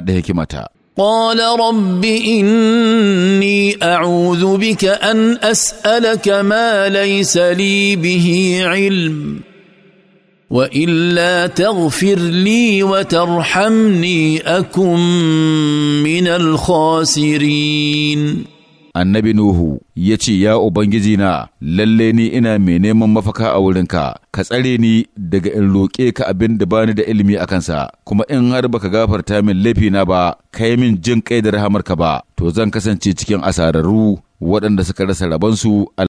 da hikimata. قال رب إني أعوذ بك أن أسألك ما ليس لي به علم وإلا تغفر لي وترحمني أكن من الخاسرين annabi Nuhu ya ce, Ya Ubangiji na, lalle ni ina mai neman mafaka a wurinka, ka tsare ni daga in roƙe ka abin da bani da ilimi a kansa, kuma in har baka gafarta min laifi na ba, kai min jin kai da rahamarka ba, to zan kasance cikin asararru waɗanda suka rasa rabansu